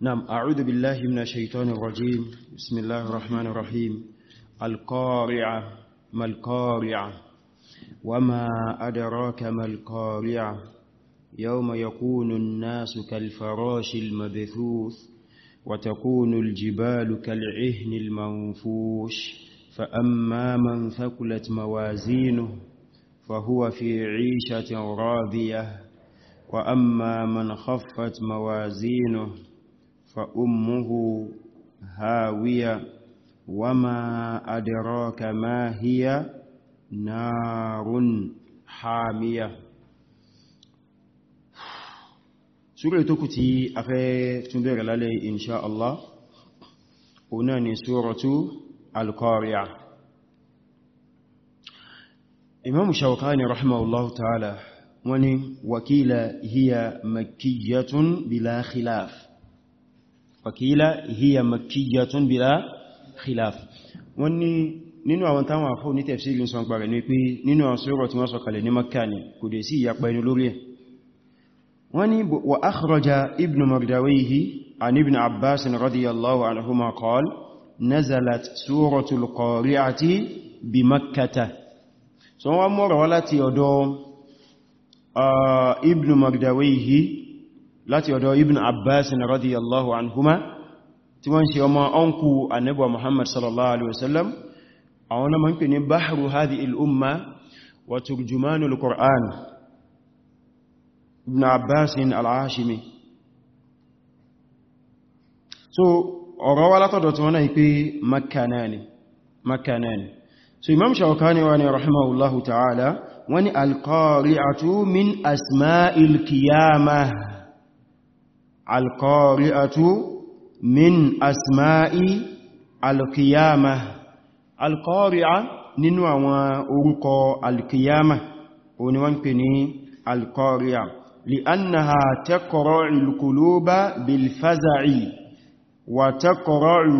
نعم أعوذ بالله من الشيطان الرجيم بسم الله الرحمن الرحيم القارعة ما القارعة وما أدراك ما القارعة يوم يكون الناس كالفراش المبثوث وتكون الجبال كالعهن المنفوش فأما من ثقلت موازينه فهو في عيشة راضية وأما من خفت موازينه فأمه هاوية وما أدراك ما هي نار حامية سورة تكتي أفي تنبير للي إن شاء الله أناني سورة القارعة إمام الشوقاني رحمه الله تعالى وني وكيل هي مكية بلا خلاف fakila hiya makiyatun bila khilaf wọ́n ní nínú àwọn táwọn àfọ́ ní tafsiri sọ gbà rẹ̀ ní pé nínú àwọn sọ́rọ̀ tí wọ́n sọ kalẹ̀ ní makka ni kò dẹ̀ sí ìyapa inú lórí ẹ̀ wọ́n ní wa akhraja ibn mardawayhi an ibn abbas radiyallahu anhuma qal nazalat suratul qari'ati bi makkata so wọ́n mọ́rọ̀ wá láti ọ̀dọ̀ uh, ibn mardawayhi láti ọ̀dọ̀ ibn abbas radiyallahu anhuma tí wọ́n ṣe ọmọ ọkù annabuwa muhammad sallallahu alaihi wasallam a wọ́nà ma ń pè ní báhàrù hadi al'umma wa turjumanu al ibn abbas al al’ashimi so ọ̀rọ̀ wá látọ̀dọ̀ tí wọ́n náà pé makka náà ni so imam القارئة من أسماء القيامة القارئة nínú àwọn orúkọ alkiyama òní wọ́n pè ní alkọ́ríà li'annaha taqra'u al-quluba bil-faza'i wa taqra'u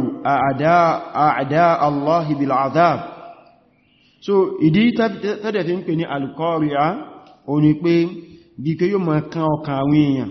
a'da Allah bil-'adhab so ìdí tẹ́dẹ̀ fi ń pè ní alkọ́ríà òní pé bí kí yóò mọ̀ kan ọkàn àwọn èèyàn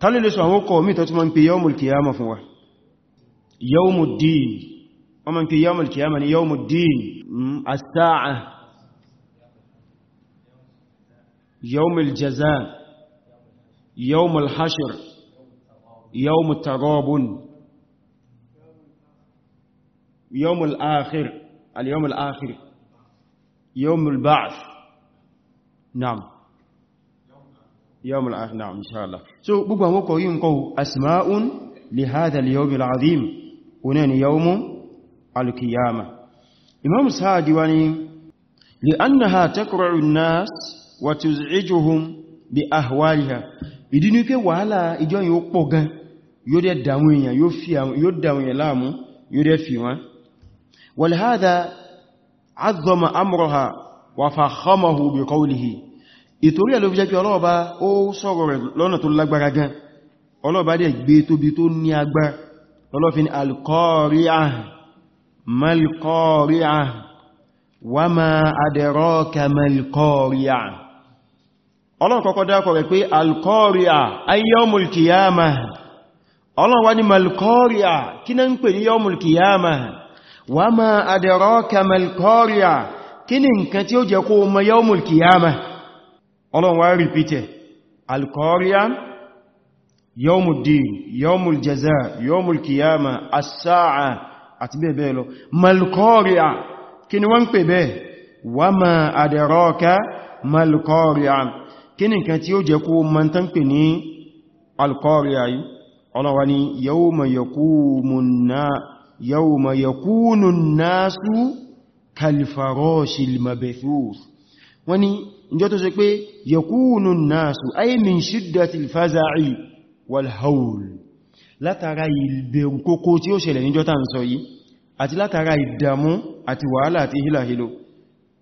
tàbí lè sọ àwọn ọkọ̀ mí tó tí ma ń pè yawmul kiyama fún wa yawmud din wọ́n ma ń pè yawmul kiyama ni yawmud din as-sa'a yawmul jaza yawmul hashr yawmut taghabun yawmul akhir al-yawmul akhir yawmul na'am يوم الآخر نعم إن شاء الله so gbogbo àwọn ọkọ̀ yìí ń kọ́ asma'un li hadha al-yawm al-azim oní ni yawm al-qiyama imam Sa'di wani li annaha takra'u an-nas wa tuz'ijuhum bi ahwaliha ìdí ni pé wàhálà ìjọ yìí ó pọ̀ gan yóò dẹ̀ dàwọn èèyàn yóò dàwọn èèyàn láàmú yóò dẹ̀ fi wọn wa li hadha 'azzama amraha wa fakhamahu bi qawlihi ìtorí ẹ̀ ló fi jẹ́ pé ọlọ́ọ̀bá ó sọ̀rọ̀ rẹ̀ lọ́nà tó lágbára gan ọlọ́ọ̀bá dẹ̀ gbé tóbi tó ní agbára lọ́lọ́fin alkọ́ríà malkọ́ríà wà máa adẹ̀rọ́ka malkọ́ríà ọlọ́ọ̀kọ́kọ́ dákọ̀ rẹ̀ pé alkọ́ríà ayyọ́mul kìyàmà ọlọ́ọ̀wá ni malkọ́ríà kí na ń pè ní yọ́mul kìyàmà wà ọlọ́run wá rìpítẹ̀ alkọ́ríà yọ́mùdín yọ́mùljẹzà yọ́mùlkìyàmà asáà àti bẹ́ẹ̀bẹ́ẹ̀ lọ malkọ́ríà kí ni wọ́n pè bẹ́ẹ̀ wà ma àdẹ̀rọ́ọ̀ká malkọ́ríà kí ni nǹkan tí ó jẹ́ kó mọ́ tán pè ní alkọ́ríà yìí ọlọ́run wá ní ìjọ tó ṣe pé yakunu náàsù ay min shiddatil faza'i wal hawl látara ìbẹ̀rù kókó tí ó ṣẹlẹ̀ níjọ́ tàà ń sọ yìí àti látara ìdàmú àti wàhálà àti hílàhílò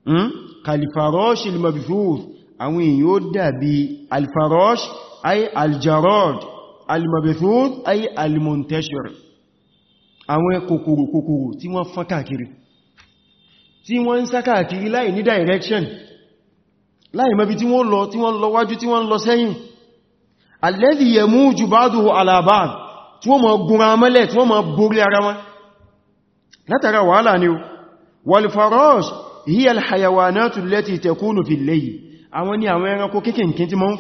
hmm? kalifarosh ilmabifuf àwọn èèyàn ó dàbí alfarosh ay aljarod almabifuf ay láì mẹ́bí tí wọ́n lọ tí wọ́n lọ wájú tí wọ́n lọ sẹ́yìn alladhi yamuju ba'duhu ala ba'd tí wọ́n mọ̀ gúnra mẹ́lẹ̀ tí wọ́n mọ̀ borí ara wọn látara wàhálà ni wal faras hiya al hayawanatu allati takunu fil layl àwọn ni àwọn ẹranko kékèké tí máa ń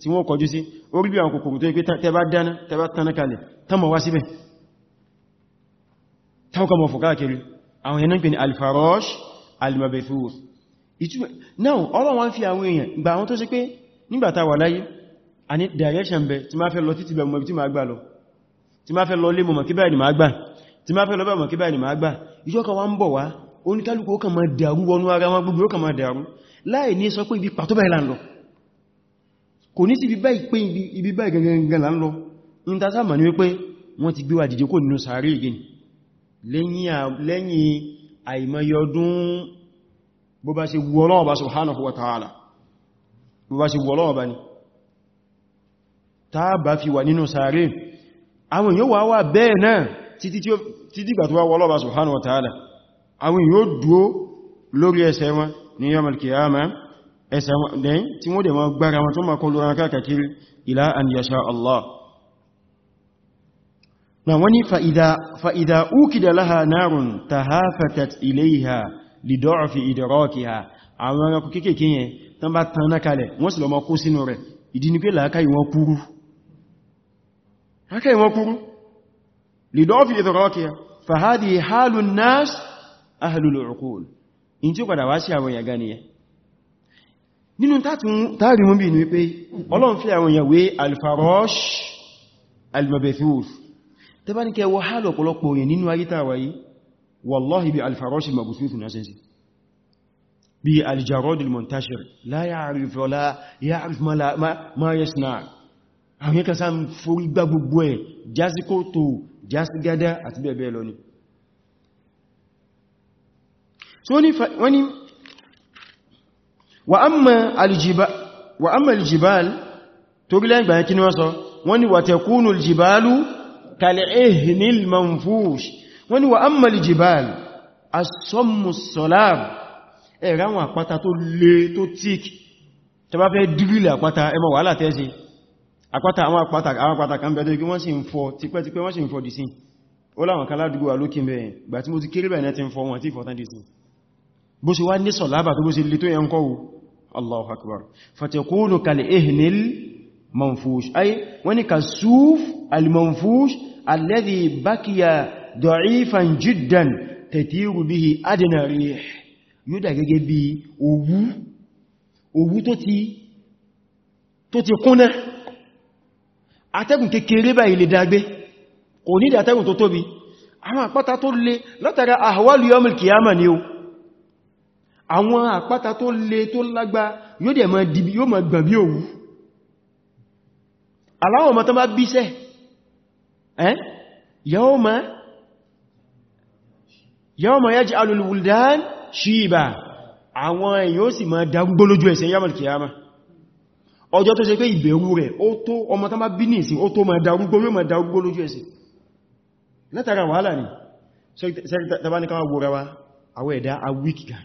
tí wọ́n kọjú sí orí bí àwọn kòkòrò tó yí pé tẹba dáná tẹba tánà kalẹ̀ tánmà wá síbẹ̀ táwọkà mọ̀ fòkáàkiri àwọn yẹn ń pè ní alfarosh almabethur now ọlọ́wọ́n fi àwọn èèyàn gba àwọn tó sí pé nígbàtà wà láyé a ní direction bẹ tí máa fẹ́ lọ títí bẹ mọ̀ tí máa gbà lọ tí máa fẹ́ lọ lé mọ̀ kí báyìí ni máa gbà tí máa fẹ́ lọ bẹ̀ mọ̀ kí báyìí ni máa gbà ìjọ́ kan wá ń bọ̀ wá oníkálùkù ó kàn máa dàrú wọnú ara wọn gbogbo ó lọ kò ní sí ibi báyìí pé ibi báyìí gangan là ń lọ in ta sáàmà ní wípé wọ́n ti gbé wa dìde kò nínú sàárè again lẹ́yìn àìmọye ọdún bó bá ṣe wù Ọlọ́run bá subhanahu bó bá ṣe wù Ọlọ́run bá ní ta bá fi wà nínú sàárè àwọn èèyàn wà wà bẹ́ẹ̀ náà títí gbà tó wà Ọlọ́run bá subhanahu wa ta'ala àwọn èèyàn ẹsẹ̀ dẹ̀yìn tí wọ́n dẹ̀ ma gbára wọn tó ma kọlu ran káàkiri ila an yasha Allah na wani fa'ida ukida laha narun ta hafatat ilaiha lidọ́ọ̀fi idrakiha àwọn ẹranko kéèkéé yẹn tán bá tán náà kalẹ̀ wọ́n sì lọ ma kó sínú rẹ̀ ìdí ni pé làákàí wọn kúrú haka yi makuru nínú táàrí mú bí ní wípé ọlọ́run fi àwọn ìyàwó alfarosh almabethus tẹ́ bá ní kẹ wọ hálọ̀ ọ̀pọ̀lọpọ̀ òyìn nínú ayítàwà yìí wallahi bí alfarosh almabethus náà sẹ́sì bí aljarod almontashir láyá àrífọ́lá yá àrífọ́lá ma yasna wa amma aljibal wa amma aljibal tó bí lẹ́yìn gbàyànkí ni wọ́n sọ wọ́n ni wa takunu aljibalu kal'ihnil manfush wọ́n ni wa amma aljibal asọ́mù sọ́lám ẹ̀rá wọn àpáta tó lè tó tíkì tó bá fẹ́ dúrílẹ̀ àpáta ẹmọ wàhálà tẹ́sí àpáta àwọn àpáta àwọn àpáta kan bẹ̀rẹ̀ wọ́n sì ń fọ́ tipẹ́tipẹ́ wọ́n sì ń fọ́ dìsín ó láwọn kaládùgbò alókínbẹ̀ẹ̀ gbà tí mo ti kéré bẹ̀rẹ̀ ti ń fọ́ wọn tí fọ́tán dìsín bó ṣe wá ní sọ̀lábà tó bó ṣe lè tó yẹn kọ́wọ́ Allahu akbar fatakunu kal-ihnil manfush ay wani kasuf al-manfush alladhi bakiya da'ifan jiddan tatiru bihi adna rih yóò dà gẹ́gẹ́ bí òwú òwú tó ti tó ti kúnná atẹ́gùn kékeré báyìí lè dágbé kò ní ìdí atẹ́gùn tó tóbi àwọn àpáta tó le látara ahwalu yawmil qiyamah ni o àwọn àpáta tó le tó lágbá yóò dẹ̀ mọ́ dìbí yóò mọ́ gbọ̀n bí òwú aláwọ̀ ma tó bá bíṣẹ́ ẹ́n yóò mọ́ yá jẹ́ alùlùwùdán ṣíìbà àwọn èyàn sì mọ́ dágbó lójú ẹsẹ̀ yá malkiyama ọjọ́ tó ṣe pé ìbẹ̀rù rẹ̀ ó tó ọmọ tó bá bí ní ìsìn ó tó mọ́ dágbó yóò mọ́ dágbó lójú ẹsẹ̀ látara wàhálà ni sẹ́kítà tàbánikà wà wòrawa àwọ̀ ẹ̀dá a wíkì gan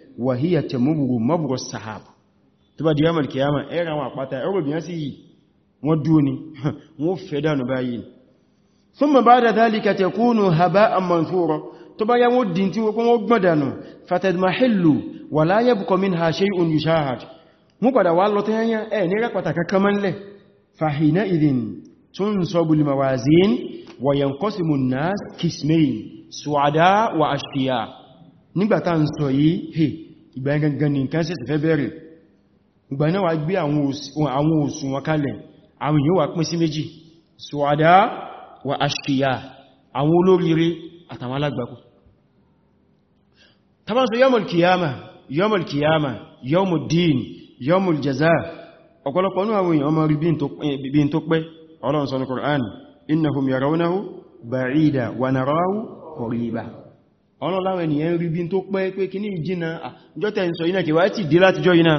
wà híyà tẹ̀múrù mọ́bùrọ̀ sahab tó bá dìyàmà kìyàmà ẹ̀rà wọn àpáta ẹ̀rọ bìyàn sí yìí wọ́n dúó ni wọ́n fẹ́ dánù báyìí thumma ba'da dhalika takunu haba'an manthura tó bá yá wọ́n dín tí wọ́n gbọ́n dànù fatadmahillu wa la yabqa minha shay'un yushahad mú padà wá lọ tẹ́yẹn ẹ̀ ní rẹ̀pàtà kankan mọ́lẹ̀ fahina idhin tunsabu al-mawazin wa yanqasimu an-nas qismayn wa ashqiya nígbàtà ń sọ yìí hè ìgbà gangan ní nǹkan sẹ́sẹ̀ fẹ́ bẹ̀rẹ̀ ìgbà náà wà gbé àwọn òsùn wọn kalẹ̀ àwọn yíò wà pín sí méjì ṣùwádá wà aṣkìyà àwọn olóríire àtàwọn alágbàkú tàbá sọ yọmùl kìyàmà yọmùl kìyàmà ọ̀nà láwọn ènìyàn rí bí tó pẹ́ pé kí ní ìjìnà jọ́tẹ̀ ń sọ iná kí wá tí dé láti jọ iná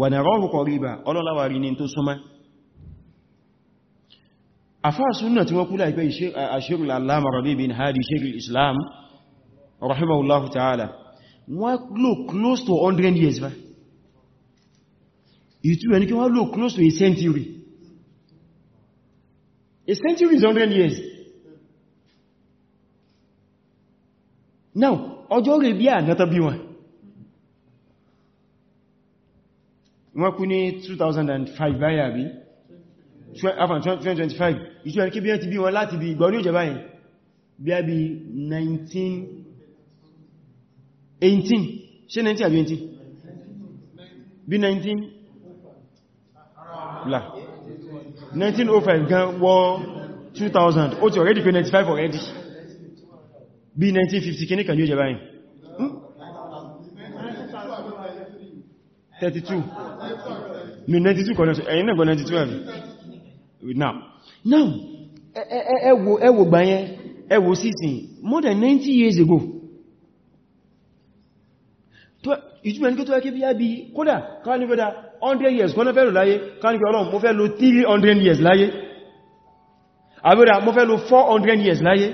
wà ní rọ́rù kọ̀ rí bà ọlọ́láwà rí ní tó súnmá àfáàsúnà tí wọ́n kú láìpẹ́ àṣírù close to 100 years bá ìtú ẹni kí wọ́n close to century century is 100 years now ọjọ́ rẹ̀ bí ànátà bí wọn wọ́n kú ní 2005 báyà bí 2025 ìṣú ẹ̀rẹ́ kí bí ẹ ti bí wọn láti bí ìgbà oníjẹ báyìí bí a bí 19 18 ṣe 19 àbí 18 bí 19 là 1905 gan wọ 2000 ó ti already pé 95 already bí 1950 kí ní kàn yóò jẹ báyìí 32 ní 92 kọ̀ lọ́sọ̀ ẹ̀yìn náà 92 now now ẹwò ẹwò gbáyẹn ẹwò sísìn more than 90 years ago ìjúmọ̀ ní kí tó ẹkẹ́ bí i bí kódà káà ní kódà 100 years kọ́nà fẹ́ lò láyé káà ní kí ọlọ́run mo fẹ́ lò 300 years láyé àbúrà mo fẹ́ lò 400 years láyé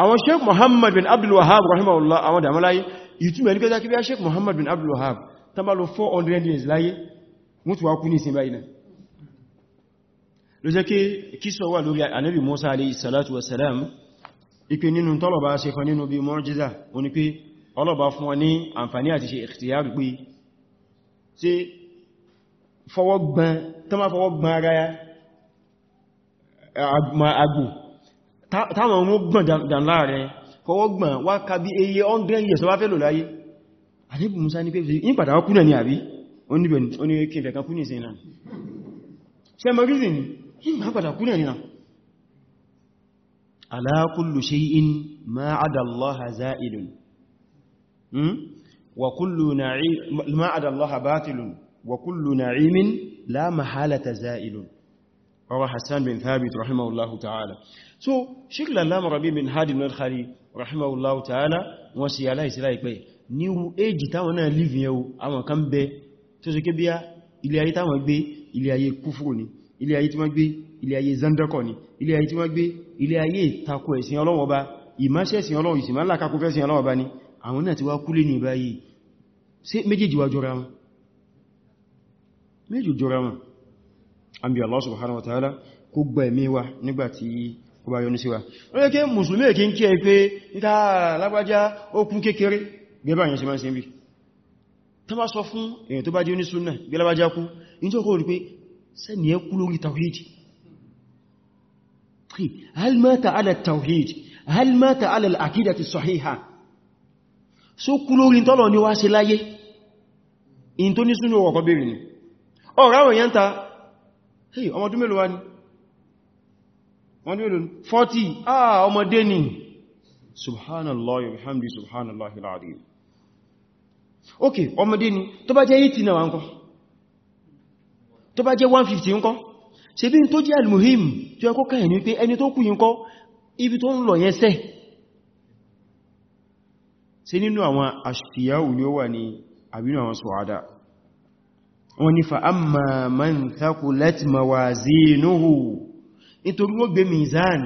àwọn sheikh Muhammad bin Abdul Wahhab rahimahullah àwọn dàmọ́láyé ìtumẹ̀ ní pẹ́ta kí bí a sheikh Muhammad bin Abdul Wahhab tán bá lọ 400 years láyé mú ti wá kú ní ìsin báyìí náà ló jẹ́ kí sọ wà lórí anábì Musa alayhi salatu wa salam ipe nínú tọ́lọ̀bá ṣe fún nínú bí mọ́jíza o ní pé ọlọ́bá fún wọn ní àǹfàní àti ṣe ikhtiyar táwọn ọmọ gbọ̀n dàn láàrin fọwọ́ gbọ̀n wá ká bí eye 100 years wá fẹ́lò láyé àdébù musa ní pé ní padà wá kúnà ní àbí oníkẹfẹ̀ kan kúnà ìsìn náà ṣe mọ̀ rí ní ìgbà padà kúnà ní náà ala hmm? Hassan bin Thabit rahimahullahu ta'ala so Sheikh al-Allama Rabi' bin Hadi al-Madkhali rahimahullahu ta'ala wọ́n sì aláìsí láìpẹ́ ní irú èjì táwọn náà lè fìyàn o àwọn kan bẹ tó ṣe ké bí a ilé ayé táwọn gbé ilé ayé kúfúrò ni ilé ayé tí wọ́n gbé ilé ayé zandakọ ni ilé ayé tí wọ́n gbé ilé ayé ìtakò ẹ̀sìn Ọlọ́run Ọba ìmáṣẹ́sìn Ọlọ́run ìsìnmá lákàkúfẹ́ sí Ọlọ́run Ọba ni àwọn náà kó bá yọ́nú sí wa ó yẹ kí mùsùlùmí kí ń kí ẹ pé níta lágbàjá ó kú kékeré gẹ́bà yẹn sí máa ń sin bí tó bá sọ fún èyàn tó bá jẹ́ onísúnnà bí lágbàjá kú ní tó kó rí pé sẹ́ni ẹ kú lórí tawhid hal mata ala tawhid hal mata ala al-aqidati sahiha so kú lórí tọ́lọ̀ ni wá sí láyé in tó ní ọmọdún mélòó ni wọ́n ní olùn 40 ah ọmọdé ni subhanallah alhamdi subhanallah alazim ok ọmọdé ni tó bá jẹ́ 80 náà ńkọ́ tó bá jẹ́ 150 ńkọ́ ṣe bí n tó jẹ́ almuhim tí ó kọ́kọ́ ẹni pé ẹni tó kú yí ńkọ́ ibi tó ń lọ yẹn sẹ́ ṣe nínú àwọn aṣfiyáwù ni ó wà ní àbínú àwọn sọ̀hádá wọ́n ní fa amma man thaqulat mawazinuhu nítorí wọ́n gbé mizan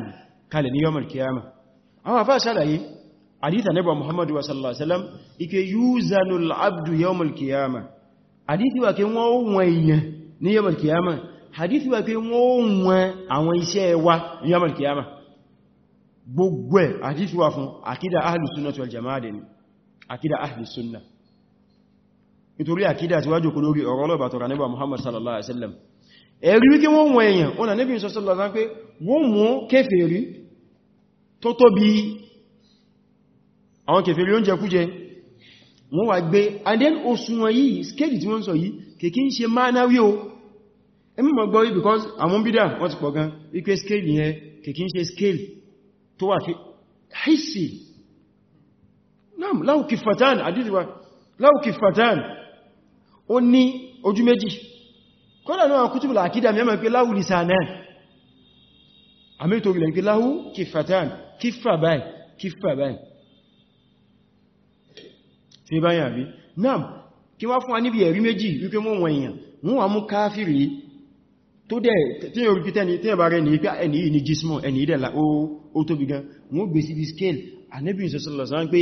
kalẹ̀ ní yọmọ̀ kíyàmà àwọn afẹ́ ṣàlàyé àdíta nẹ́bà muhammadu wa sallallahu alaihi wasallam ike yuzanul abdu yọmọ̀ kíyàmà àdíti wà kí wọ́n wọ́n èèyàn ní yọmọ̀ kíyàmà àdíti wà kí wọ́n wọ́n àwọn iṣẹ́ wa ní yọmọ̀ kíyàmà gbogbo ẹ̀ àdíti wà fún àkídà ahlus sunnah wal jama'a ni àkídà ahlus sunnah nítorí àkídà tí wájú kò lórí ọ̀rọ̀ muhammadu sallallahu alaihi ẹ̀rí wíkí wọ́n wọ èèyàn wọ́n nà níbi ìṣọ́sọ́lọ́ sán pé wọ́n mú kèfèrí tó tó bí àwọn kèfèrí oúnjẹ kújẹ wọ́n wà gbé and then òṣùwọ̀n yìí skéèdì tí wọ́n sọ yìí kèkí ń ṣe máa náwí o ẹmí mọ̀ gbọ́ yìí because àwọn bídà wọ́n ti pọ̀ gan wípé skéèdì yẹn kèkí ń ṣe skéèdì tó wà fi haisi náà láwùkì ojú méjì kọ́nà náà kútùbùlà àkídà mẹ́mọ̀ pé láhù lìsànà àmìtò ilẹ̀ pé láhù kìfàtàn kìfàbáì kìfàbáì tí bá yàbí náà kí wá fún wa níbi ẹ̀rí méjì wípé mọ́ wọn èèyàn wọ́n wà mú káfìrí tó dẹ̀ tí yóò rí tí yóò bá rẹ̀ ní pé ẹni yìí ni jísmọ̀ ẹni yìí dẹ̀lá ó tóbi gan wọ́n gbé sí bí scale ànábì sallallahu alaihi wasallam pé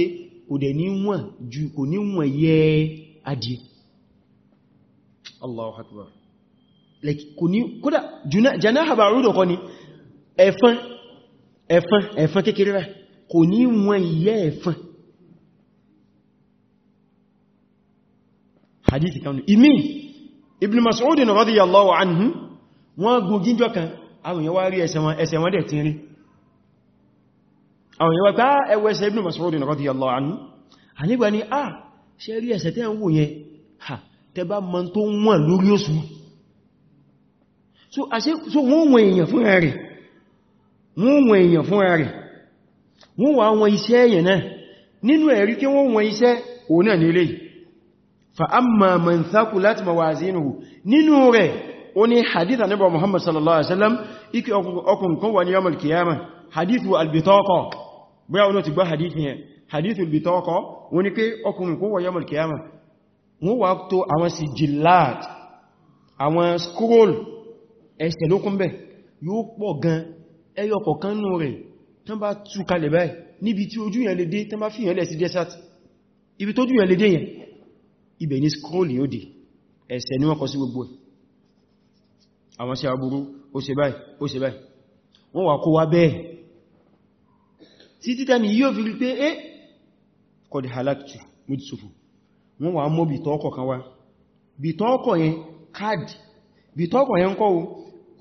kò dẹ̀ ní wọ̀n ju kò ní wọ̀n yẹ adìẹ Allahu akbar like kò ní kódà janaha ba'udu kọ́ ni ẹ̀fán ẹ̀fán ẹ̀fán kékeré rẹ̀ kò ní wọn ìyẹ́ ẹ̀fán hadithi kan ní imi ibn mas'udin radiyallahu anhu wọ́n gùn gíjọ kan àwọn yẹn wá rí ẹsẹ̀ wọn dẹ̀ tí rí àwọn yẹn wá pé ah, ẹwọ ẹsẹ̀ ibn mas'udin radiyallahu anhu a nígbà ni a ah, ṣe rí ẹsẹ̀ tẹ́ ń wò yẹn ha tẹ bá mọ́ tó wọ́n lórí òṣùwọ̀n so wọ́n wọ èèyàn fúnra rẹ̀ wọ́n wọ èèyàn fúnra rẹ̀ wọ́n wà wọn iṣẹ́ èèyàn náà nínú ẹ̀rí kí wọ́n wọn iṣẹ́ òun náà nílé fa amma man thaqulat mawazinuhu nínú rẹ̀ ó ní hadith anábà muhammad sallallahu alaihi wasallam ikú ọkùn kan wà ní yawmal qiyamah hadithu albitaqa bóyá wọn ti gbá hadith àwọn scroll ẹ̀ṣẹ̀ ló kún bẹ̀ yóò pọ̀ gan ẹyọ kọ̀kan nù rẹ̀ tán bá tú kalẹ̀ báyìí níbi tí ojú yẹn lè dé tán bá fi yẹn lẹ̀ sí desert ibi tójú yẹn lè dé yẹn ibẹ̀ ni scroll yóò dé ẹ̀ṣẹ̀ ni wọ́n kọ sí gbogbo ẹ̀ àwọn sí aburú ó ṣe báyìí ó ṣe báyìí wọ́n wà kó wá bẹ́ẹ̀ sí títà ni yíò fi rí pé é kọ̀dì halaktu mútùsùfù wọ́n wà yẹn káàdì bìtọ́ọ̀kọ̀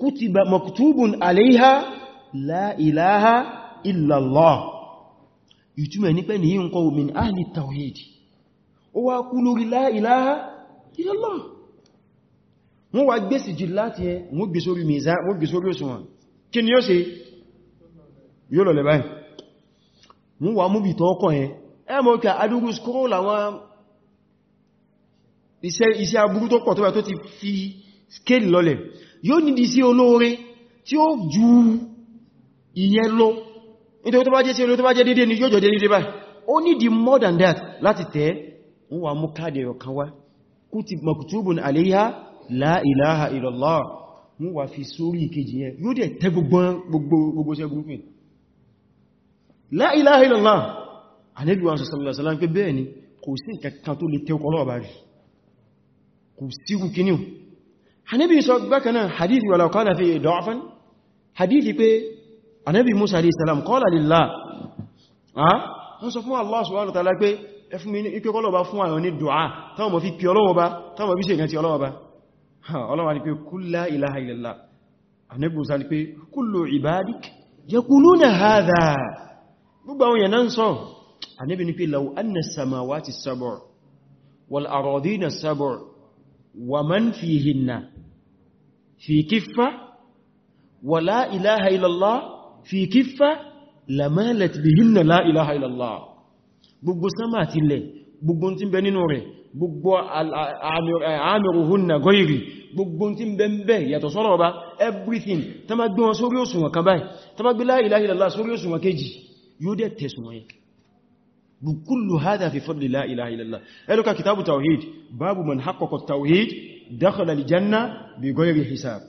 kutiba maktubun alayha la ilaha illa Allah ìtumọ̀ ní pé ni yin ko min ahli tawhid ó wá kú lórí la ilaha illa Allah wọ́n wá gbé sí jilati e wọ́n gbé sórí meza wọ́n gbé sórí òṣùwọ̀n kíni ó ṣe yo lo le báyìí wọ́n scale lole yóò nídi sí olóore tí ó ju ìyẹn lọ nítorí tó bá jẹ́ sí olóore tó bá jẹ́ dédé ni yóò jọ dédé báyìí ó nídi more than that láti tẹ́ ń wà mú káàdì ẹ̀rọ wá kutiba maktubun alayha la ilaha illallah mú wà fi sórí ìkejì yẹn yóò dẹ̀ tẹ́ la ilaha illallah anẹ́lúwà sallallahu alaihi wasallam pé bẹ́ẹ̀ ni kò sí Ànábì sọ gbákanáà hadithi wà láwọ́kọ́lá fi ìdọ́fán hadithi pé Ànábì Musa alayhi salam qala lillah wọ́n sọ fún Allah subhanahu wa ta'ala pé ẹfún mi ipé kọ́lọ̀bá fún àwọn ní dùá táwọn fi pí ọlọ́wọ́ba táwọn fi ṣe ìrántí ọlọ́wọ́ba ọlọ́wọ́ ni pé kul la ilaha illallah wal aradina as ومن فيهن في كفة ولا إله إلا الله في كفة لمالت بهن لا إله إلا الله بقو سمات الله بقو انتم بني نوري بقو عامرهن آه، غيري بقو انتم بن يتصروا با everything تمدون سوريوسوا كباي تمد بلا إله إلا الله سوريوسوا كيجي يودت تسموا يكي كل هذا في فضل لا إله إلا الله ألوك كتاب التوحيد باب من حقق التوحيد دخل الجنة بغير حساب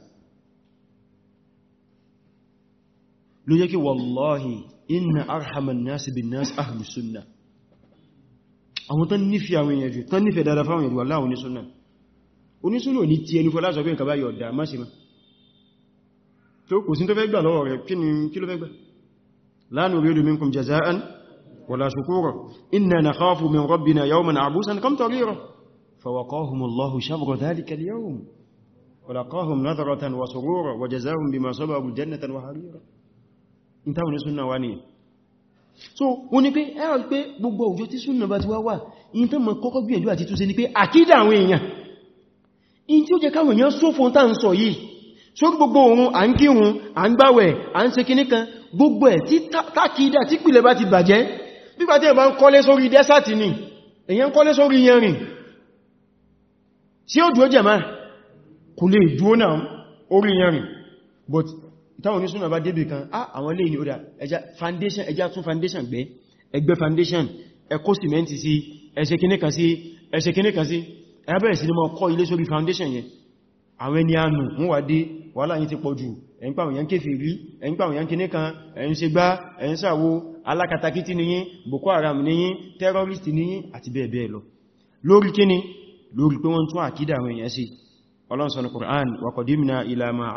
لو يكي والله إن أرحم الناس بالناس أهل السنة àwọn tán nífẹ́ àwọn èèyàn jù tán nífẹ́ dáadáa fáwọn èèyàn wà láwọn onísúnnà onísúnnà ò ní tí ẹni fọ́lá sọ pé nǹkan bá yọ̀ dáa má sí ma tó kò sí tó fẹ́ gbà lọ́wọ́ rẹ̀ kí ló fẹ́ gbà minkum jaza'an ولا شكورا إنا نخاف من ربنا يوما عبوسا كم طريرا فوقاهم الله شر ذلك اليوم ولقاهم نظرة وسرورا وجزاهم بما صبروا جنة وحريرا انتهوا لسنة وانية so wọ́n ni pé ẹ́rọ pé gbogbo òjò tí súnnà bá ti wá wà in tó mọ̀ kọ́kọ́ gbìyànjú àti túnṣe ni pé àkídà àwọn èèyàn in tí ó jẹ káwọn èèyàn sófò tá ń sọ yìí so gbogbo òun à ń kírun à ń gbáwẹ̀ à ń ṣe kíníkan gbogbo ẹ̀ tí tákídà tí pìlẹ̀ bá ti bàjẹ́ nígbà tí ẹ̀bá ń kọ́lé sórí dẹ́sàtì ni èyàn ń kọ́lé sórí yẹrin tí ó dúó jẹ̀má kò lè dúó náà orí yẹrin but táwọn onísúnà bá débì kan á ah, àwọn lè ní ó dá ẹjá tún foundation gbé ẹgbẹ́ foundation ẹkó sìmẹ́ntì sí ẹsẹ kíní kan sí ẹsẹ kíní kan sí ẹbẹ̀rẹ̀ sí ni mọ́ kọ́ ilé sórí foundation yẹn àwọn ẹni àánú wọ́n wà dé wàhálà yìí ti pọ̀ jù ẹ̀yìn pàwọn yẹn kéfì rí ẹ̀yìn pàwọn yẹn kíní kan ẹ̀yìn ṣe gbá ẹ̀yìn sàwó alákatakítí ni yín Boko Haram ni yín terrorist ni yín àti bẹ́ẹ̀ bẹ́ẹ̀ lọ lórí kíní lórí pé wọ́n tún àkídà àwọn èèyàn sí Ọlọ́run Qur'an wa qadimna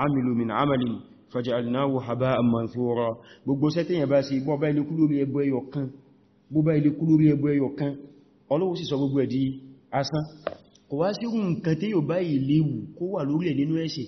amilu min amalin faja'alnahu haba'an manthura gbogbo sẹ́ tẹ́yàn bá sí bọ́bá ilé kú lórí ẹbọ ẹyọ kan bọ́bá ilé kú lórí ẹbọ ẹyọ kan Ọlọ́run sì kò wá sí nǹkan tí yóò bá ìléwu kó wà lórí ẹ̀ nínú ẹ̀ṣẹ̀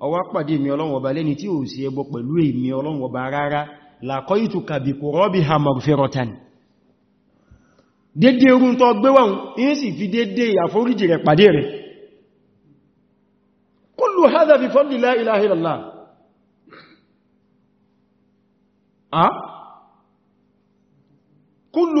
ọwá pàdé mi ọlọ́run ọba lẹ́ni tí ò sí ẹbọ pẹ̀lú èmi ọlọ́run ọba rárá làkọ́yìtù kàbí kò rọ́bí ha magfiratan dédé orun tó gbéwọ̀n in sì fi dédé àforíjì rẹ̀ pàdé rẹ̀ kullu hadha bi fadli la ilaha illallah ah kullu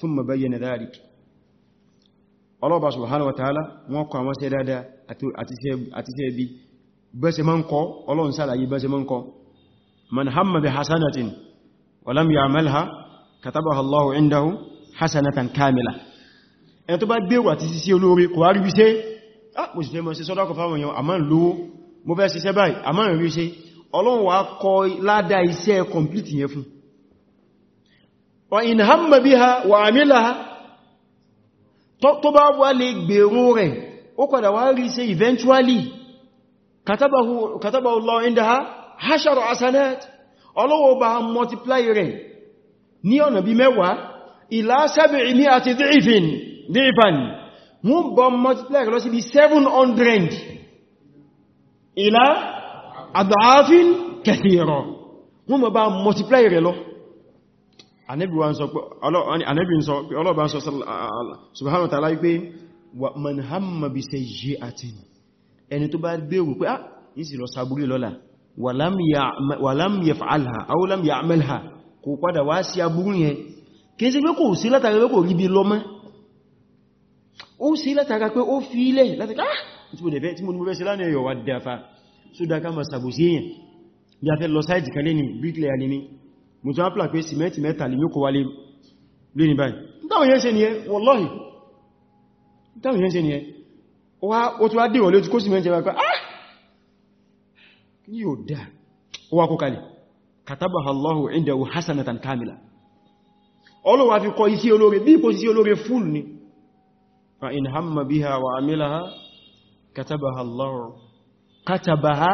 ثم بين ذلك ọlọ́ọ̀bá subhanahu wa ta'ala wọ́n kọ àwọn ṣe dáadáa àti ṣe bí bẹ́ṣe mọ́ ń kọ́ ọlọ́run sàlàyé bẹ́ṣe mọ́ ń kọ́ man hamma bi hasanatin walam ya'malha katabaha Allahu indahu hasanatan kamila ẹni tó bá gbèrò àti sisi olóore kò wá rí bí ṣe ah mo sì fẹ́ mọ́ sí sọ́dọ́kọ̀ fáwọn èèyàn àmọ́ lówó mo fẹ́ ṣiṣẹ́ báyìí àmọ́ rí ṣe ọlọ́run wá kọ ládá iṣẹ́ complete yẹn fún wa in hamma biha wa amilaha tó bá wà lè gbèrò rẹ̀ ó padà wá rí sí eventually katabahu katabahu Allah indaha hasharu hasanat ọlọ́wọ́ bá multiply rẹ̀ ní ọ̀nà bí mẹ́wàá ila sab'i mi'ati dhi'fin dhi'fan wọ́n bá multiply rẹ̀ lọ sí bí 700 ila adha'afin kathira wọ́n Ànábì wa ń sọ pé Ànábì ń sọ pé ọlọ́ọ̀bá ń sọ subhanahu wa ta'ala wípé man hamma bi sayyi'atin ẹni tó bá gbèrò pé ah ìsì lọ sàbúrí lọ́la wa lam yaf'alha aw lam ya'malha kò padà wá sí abúrú yẹn kìí sí pé kò sí látàrí pé kò rí bí lọ́mọ́ ó sí látàrí pé ó fi ilẹ̀ látàrí ah tí mo dẹ̀fẹ́ tí mo mú sí lánàá ẹ̀yọ̀ wà dáfà ma sàbòsí èèyàn bí a fẹ́ lọ sáìtì kalẹ́ ni bíkìlẹ̀ alimi mo tún ápùlà pé sìmẹ́ntì mẹ́ta lè yóò wálé lónìí báyìí dáwọn yẹn ṣe ni ẹ wallahi dáwọn yẹn ṣe ni ẹ ó tún wá dìwọ̀ lójú kó sìmẹ́ntì ah! fi kọ iṣẹ́ olóore bí kò iṣẹ́ olóore fúl ni fa in hamma biha wa amilaha katabaha Allahu katabaha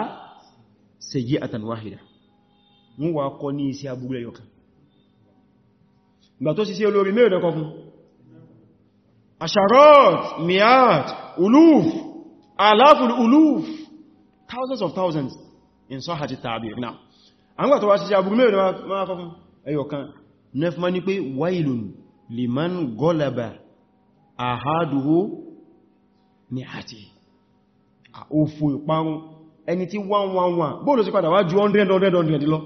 sayyi'atan wahida wọ́n wà kọ́ ní iṣẹ́ agbúgbé ẹyọkan ìgbà tó ṣiṣẹ́ olórin mẹ́rin ẹ̀kọ́ fún asharot miat uluf alaful uluf thousands of thousands in sahati tabir náà àwọn tó wá ṣiṣẹ́ agbúgbé mẹ́rin ẹ̀kọ́ fún ẹyọkan nefma ní pé wailun liman gọ́laba ahaduhu ni àti òfò ìparun ẹni tí 111 bóòlù sí padà wá ju 100 100 100 lọ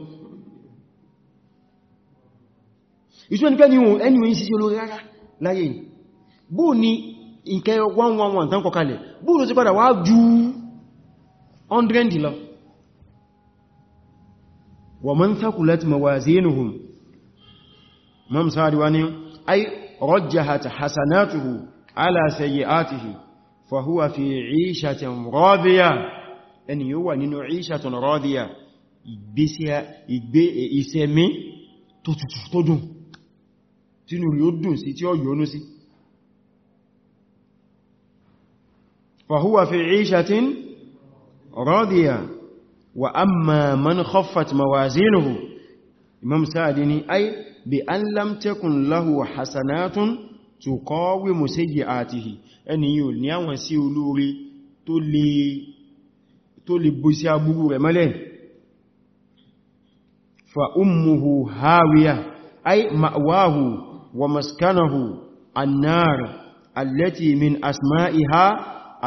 ìṣúwẹ́ ní pẹ́ ní ohun ẹni òyìn sísí olórí rárá láyé yìí bó ní ìkẹ́ 111 tán kọkalẹ̀ bó ló ti padà wá ju 100 lọ wa man thaqulat mawazinuhum mọ́m sáàrí wá ní yóò wà nínú 'ishatin radiya ìgbésẹ̀ tó tutù tó dùn tínú rí ó dùn sí tí ó yónú sí fahuwa fi ishatin radiya wa amma man khaffat mawazinuhu imam sa'adi ni ai bi an lam takun lahu hasanatun tuqawimu sayyi'atihi ẹni yóò ní àwọn sí olóore tó lè bó sí agbúrú rẹ̀ mọ́lẹ̀ fa ummuhu hawiya ai ma'wahu ومسكنه النار التي من أسمائها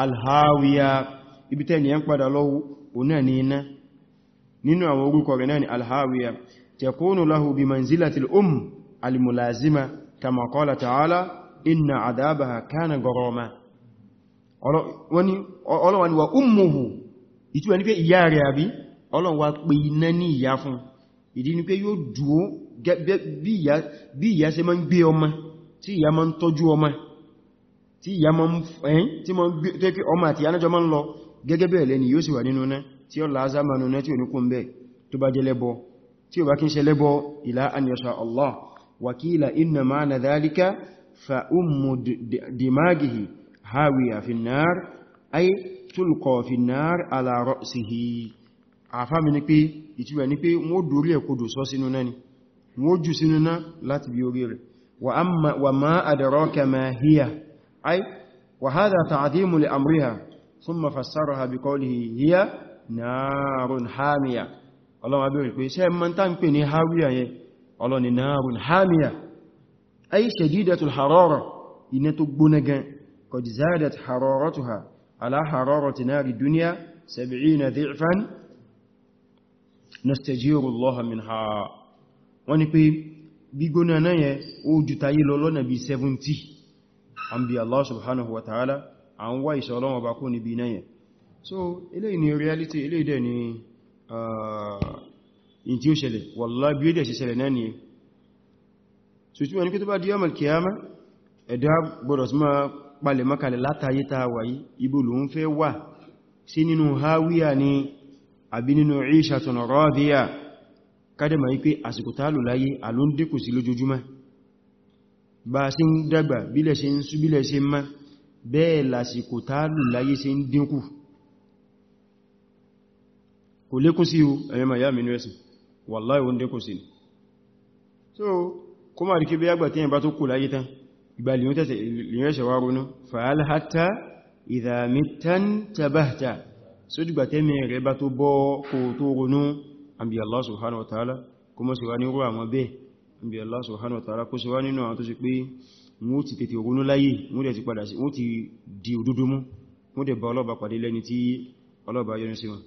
الهاوية ibitẹ́ni yẹn padà lọ́wọ́ òun ní iná nínú àwọn orúkọ rẹ̀ náà ni alhawiya tẹkónù láhù bí manzilatil um almulazima kama qala ta'ala inna adabaha kana gharama ọlọ́wọ́n wa ummuhu ìtúwẹ̀ ní pé ìyá rẹ̀ àbí ọlọ́wọ́ wa pè iná ní ìyá fún ìdí ni pé yóò dúó bí ìyá ṣe máa ń gbé ọmọ tí ìyá máa ń tọ́jú ọmọ tí ìyá máa ń fẹ́yìn tí máa ń gbé tó kí ọmọ àti ìyánájọ́ máa ń lọ gẹ́gẹ́ bẹ́ẹ̀ lẹ́ni yóò sì wà nínú náà tí ó láàzámà nínú náà tí ò ní kún bẹ́ẹ̀ tó bá jẹ́ lẹ́bọ tí ó ni pé wọ́n dórí ẹ̀kodò sọ sínú náà ni wọ́n jù sínú náà láti bí orí rẹ̀ wa ma adraka ma hiya ai wa hadha ta'dhimu li amriha thumma fassaraha bi qawlihi hiya narun hamiya ọlọ́run abẹ́rẹ̀ pé ṣe mọ́ tá ń ọlọ́run ni narun hamiya ay shadidatul wọ́n ní pé gbígbóná náà yẹn ó ju tayé lọ lọ́nà bí 70 an Allah subhanahu wa ta'ala an wá ìṣọ́ ọlọ́run ọba kó níbi náà so eléyìí ni reality eléyìí dẹ̀ ni in ah, tí ó ṣẹlẹ̀ bí ó dẹ̀ ṣẹlẹ̀ náà so tí wọ́n ní pé tó bá di ọmọ kìyàmá gbọ́dọ̀ sí máa palẹ̀ mọ́kàlẹ̀ látàyé ta wáyé ibo ló ń fẹ́ wà sí nínú hawiya ni àbí nínú rọ́bíyà kádẹ̀mà wípé àsìkò tààlù láyé àló ń dínkù sí lójoojúmọ́ bá sí ń dàgbà bílẹ̀ ṣe ń sú bílẹ̀ ṣe má bẹ́ẹ̀ lásìkò tààlù láyé ṣe ń dínkù kò lékún sí o ẹ̀yẹ́mà yá mi nírẹ́sì wàláhì ó ń dínkù so kó má ríkí bí àgbà tí yẹn bá tó kù láyé tán ìgbà lèyẹ́ṣẹ̀ wá ronú fa'al hatta idha mittan tabahta rẹ̀ bá tó bọ́ kò tó ronú àbí Allah subhanahu wa ta'ala kó mọ́ sí wá ní rú àwọn bẹ́ẹ̀ àbí Allah subhanahu wa ta'ala kó sí wá nínú àwọn tó sì pé wọ́n ti tètè ronú láyé wọ́n dẹ̀ ti padà sí wọ́n ti di òdúdú mú wọ́n dẹ̀ bá ọlọ́ba pàdé lẹ́ni tí ọlọ́ba yọ́nú sí wọn